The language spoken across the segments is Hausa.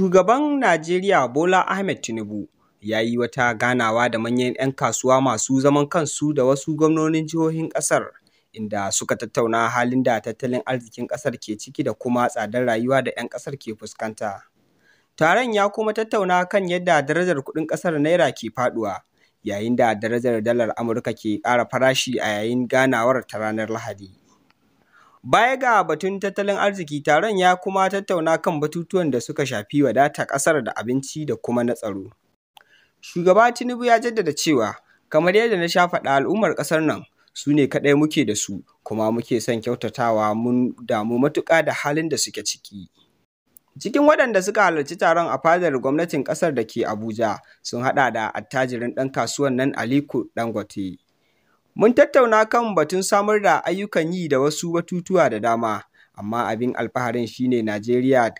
Shugaban Najeriya Bola Ahmed Tinubu ya yi wata ganawa da manyan 'yan kasuwa masu zaman kansu da wasu gwamnonin jihohin ƙasar, inda suka tattauna halin da tattalin arzikin ƙasar ke ciki da kuma tsadar rayuwa da 'yan ƙasar ke fuskanta. Taron ya kuma tattauna kan yadda darajar kuɗin ƙasar Naira ke faɗuwa, yayin da darajar dalar Amurka ke ƙara farashi a yayin ganawar ta ranar Lahadi. Baya ga batun tattalin arziki, taron ya kuma tattauna kan batutuwan da suka shafi wadata ƙasar da abinci da kuma na tsaro. Shugaba Tinubu ya jaddada cewa, kamar yadda na sha faɗa al'ummar ƙasar nan su ne kaɗai muke da su, kuma muke son kyautatawa mun damu matuƙa da halin da suke ciki. Cikin waɗanda suka halarci taron a fadar gwamnatin ƙasar da ke Abuja sun haɗa da attajirin ɗan kasuwan nan Aliko Dangote. Mun tattauna kan batun samar da ayyukan yi da wasu batutuwa da dama, amma abin alfaharin shi ne Najeriya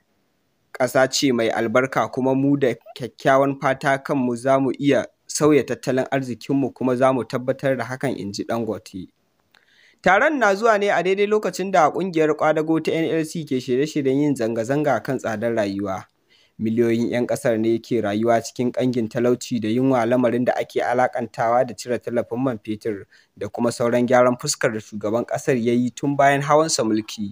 ƙasa ce mai albarka kuma mu da kyakkyawan fata kanmu za mu iya sauya tattalin arzikinmu kuma za mu tabbatar da hakan in ji Dangote. Taron na zuwa ne a daidai lokacin da ƙungiyar ƙwadago ta NLC ke shirye-shiryen yin zanga-zanga kan tsadar rayuwa. miliyoyin 'yan kasar ne ke rayuwa cikin ƙangin talauci da yunwa lamarin da ake alakantawa da cire tallafin man fetur da kuma sauran gyaran fuskar da shugaban kasar ya yi tun bayan hawansa mulki.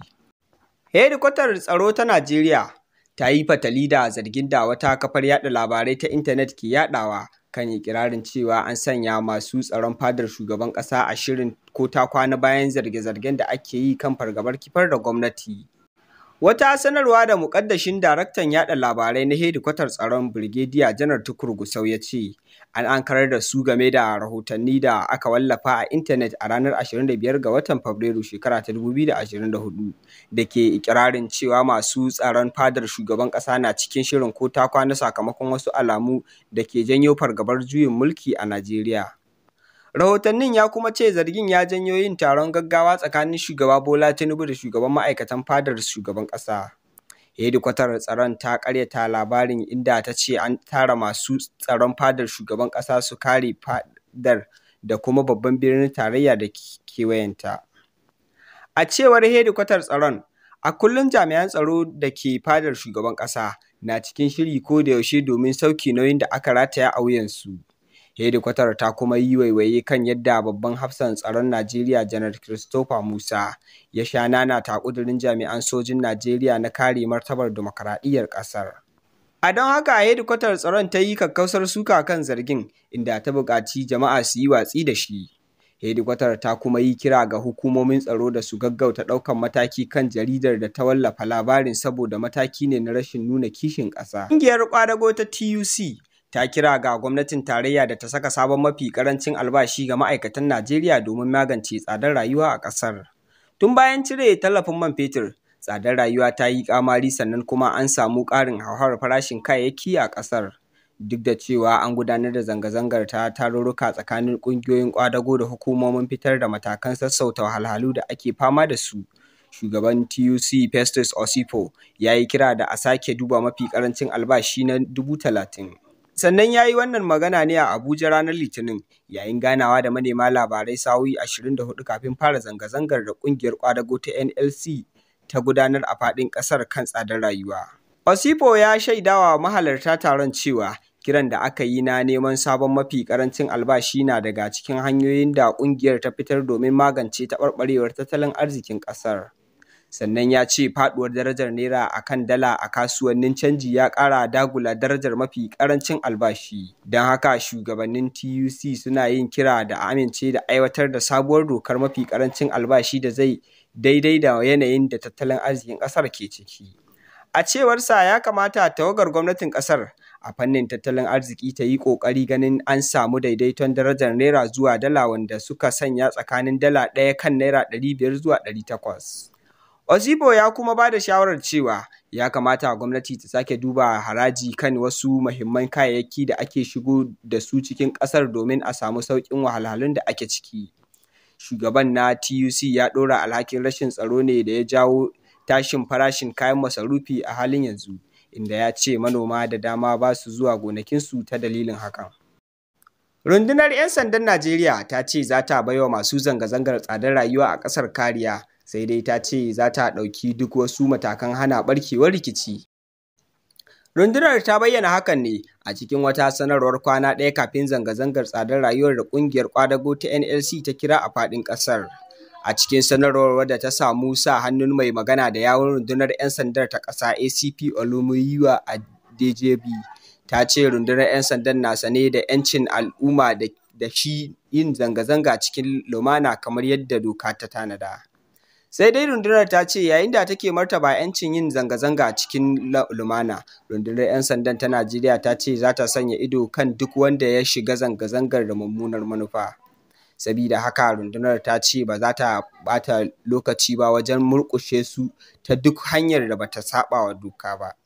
Hedikwatar tsaro ta Najeriya ta yi fatali da zargin da wata kafar yada labarai ta intanet ke yadawa kan ikirarin cewa an sanya masu tsaron fadar shugaban ƙasa a shirin ko ta kwana bayan zarge-zargen da ake yi kan fargabar kifar da gwamnati. Wata sanarwa da mukaddashin daraktan yada labarai na hedikwatar tsaron Birgediya Janar Tukur Gusau ya ce, an ankarar da su game da rahotanni da aka wallafa a intanet a ranar 25 ga watan Fabrairu shekara ta 2024 da ke ikirarin cewa masu tsaron fadar shugaban kasa na cikin shirin ko ta kwana sakamakon wasu alamu da ke janyo fargabar juyin mulki a Najeriya. Rahotannin ya kuma ce zargin ya janyo yin taron gaggawa tsakanin Shugaba Bola Tinubu da shugaban ma'aikatan fadar shugaban ƙasa. Hedikwatar tsaron ta karyata labarin inda ta ce an tara masu tsaron fadar shugaban ƙasa su kare fadar da kuma babban birnin tarayya da kewayenta. A cewar hedikwatar tsaron, a kullum jami'an tsaro da ke fadar shugaban ƙasa na cikin shiri ko da yaushe domin sauki nauyin da aka rataya a wuyansu. hedikwatar ta kuma yi waiwaye kan yadda babban hafsan tsaron najeriya janar christopher musa ya sha Nana ta ƙudurin jami'an sojin najeriya na kare martabar dimokuraɗiyyar ƙasar a don haka hedikwatar tsaron ta yi kakkausar suka kan zargin inda ta buƙaci jama'a su yi watsi da shi hedikwatar ta kuma yi kira ga hukumomin tsaro da su gaggauta ɗaukan mataki kan jaridar da ta wallafa labarin saboda mataki ne na rashin nuna kishin ƙasa. Ƙungiyar ƙwadago ta TUC ta kira ga gwamnatin tarayya da ta saka sabon mafi karancin albashi ga ma'aikatan Najeriya domin magance tsadar rayuwa a ƙasar. Tun bayan cire tallafin man fetur, tsadar rayuwa ta yi kamari sannan kuma an samu ƙarin hauhawar farashin kayayyaki a ƙasar. Duk da cewa an gudanar da zanga-zangar ta tarurruka tsakanin ƙungiyoyin ƙwadago da hukumomin fitar da matakan sassauta wahalhalu da ake fama da su. shugaban TUC Festus Osifo ya yi kira da a sake duba mafi ƙarancin albashi na dubu talatin. Sannan ya yi wannan magana ne a Abuja ranar Litinin yayin ganawa da manema labarai sa'o'i 24 kafin fara zanga-zangar da ƙungiyar kwadago ta NLC ta gudanar a faɗin ƙasar kan tsadar rayuwa. Osipo ya shaidawa mahalarta taron cewa kiran da aka yi na neman sabon mafi karancin albashi na daga cikin hanyoyin da ƙungiyar ta fitar domin magance taɓarɓarewar tattalin arzikin ƙasar. sannan ya ce faduwar darajar naira a kan dala a kasuwannin canji ya kara dagula darajar mafi karancin albashi don haka shugabannin tuc suna yin kira da amince da aiwatar da sabuwar dokar mafi karancin albashi da zai daidai da yanayin da tattalin arzikin kasar ke ciki a cewarsa ya kamata tawagar gwamnatin kasar a fannin tattalin arziki ta yi ƙoƙari ganin an samu daidaiton darajar naira zuwa dala wanda suka sanya tsakanin dala ɗaya kan naira ɗari biyar zuwa ɗari takwas Osibo ya kuma ba da shawarar cewa ya kamata gwamnati ta sake duba haraji kan wasu muhimman kayayyaki da ake shigo da su cikin ƙasar domin a samu sauƙin wahalhalun da ake ciki. Shugaban na TUC ya ɗora alhakin rashin tsaro ne da ya jawo tashin farashin kayan masarufi a halin yanzu, inda ya ce manoma da dama ba su zuwa gonakinsu ta dalilin hakan. Rundunar 'Yan Sandan Najeriya ta ce za ta baiwa masu zanga-zangar tsadar rayuwa a ƙasar kariya sai dai ta ce za ta ɗauki duk wasu matakan hana ɓarkewar rikici. Rundunar ta bayyana hakan ne a cikin wata sanarwar kwana ɗaya kafin zanga-zangar tsadar rayuwar da ƙungiyar kwadago ta NLC ta kira a faɗin ƙasar. A cikin sanarwar wadda ta samu sa hannun mai magana da yawon rundunar 'yan sandar ta ƙasa ACP Olumuyiwa a DJB ta ce rundunar 'yan sandan na sane da 'yancin al'umma da shi yin zanga-zanga cikin lumana kamar yadda doka ta tanada. sai dai rundunar ta ce yayin da take martaba 'yancin yin zanga-zanga a cikin lumana rundunar 'yan sandan ta najeriya ta ce za ta sanya ido kan duk wanda ya shiga zanga-zangar da mummunar manufa sabida haka rundunar ta ce ba za ta bata lokaci ba wajen murƙushe su ta duk hanyar da bata saba wa doka ba